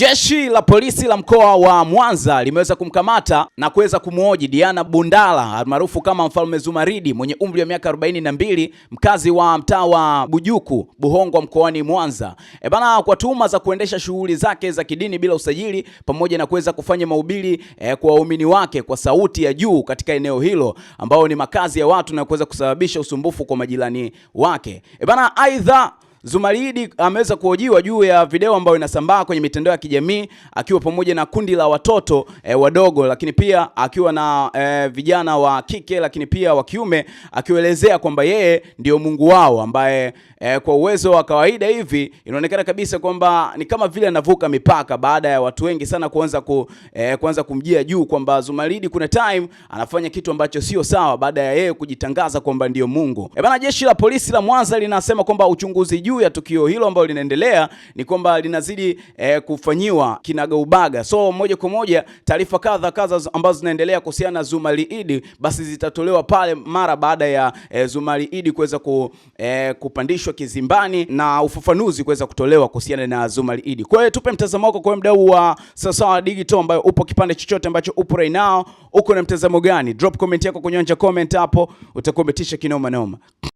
Jeshi la polisi la mkoa wa Mwanza limeweza kumkamata na kuweza kumhoji Diana Bundala almaarufu kama Mfalme Zumaridi mwenye umri wa miaka 42 mkazi wa mtaa wa Bujuku Buhongwa mkoani Mwanza e bana, kwa tuhuma za kuendesha shughuli zake za kidini bila usajili pamoja na kuweza kufanya mahubiri e, kwa waumini wake kwa sauti ya juu katika eneo hilo ambao ni makazi ya watu na kuweza kusababisha usumbufu kwa majirani wake e bana, aidha Zumaridi ameweza kuhojiwa juu ya video ambayo inasambaa kwenye mitandao ya kijamii akiwa pamoja na kundi la watoto e, wadogo, lakini pia akiwa na e, vijana wa kike, lakini pia wa kiume, akiwaelezea kwamba yeye ndio Mungu wao ambaye e, kwa uwezo wa kawaida hivi inaonekana kabisa kwamba ni kama vile anavuka mipaka baada ya watu wengi sana kuanza ku, e, kuanza kumjia juu kwamba Zumaridi kuna time anafanya kitu ambacho sio sawa baada ya yeye kujitangaza kwamba ndio Mungu. E, bana jeshi la polisi la Mwanza linasema kwamba uchunguzi juu ya tukio hilo ambalo linaendelea ni kwamba linazidi eh, kufanyiwa kinagaubaga. So moja kwa moja taarifa kadha kadha ambazo zinaendelea kuhusiana na Zumari Idi basi zitatolewa pale mara baada ya eh, Zumari Idi kuweza ku, eh, kupandishwa kizimbani na ufafanuzi kuweza kutolewa kuhusiana na Zumari Idi. Kwa hiyo tupe mtazamo wako kwa mdau wa Sawasawa Digital ambaye upo kipande chochote ambacho upo right now, uko na mtazamo gani? Drop comment yako kwenye anja comment hapo, utakuwa umetisha kinoma noma.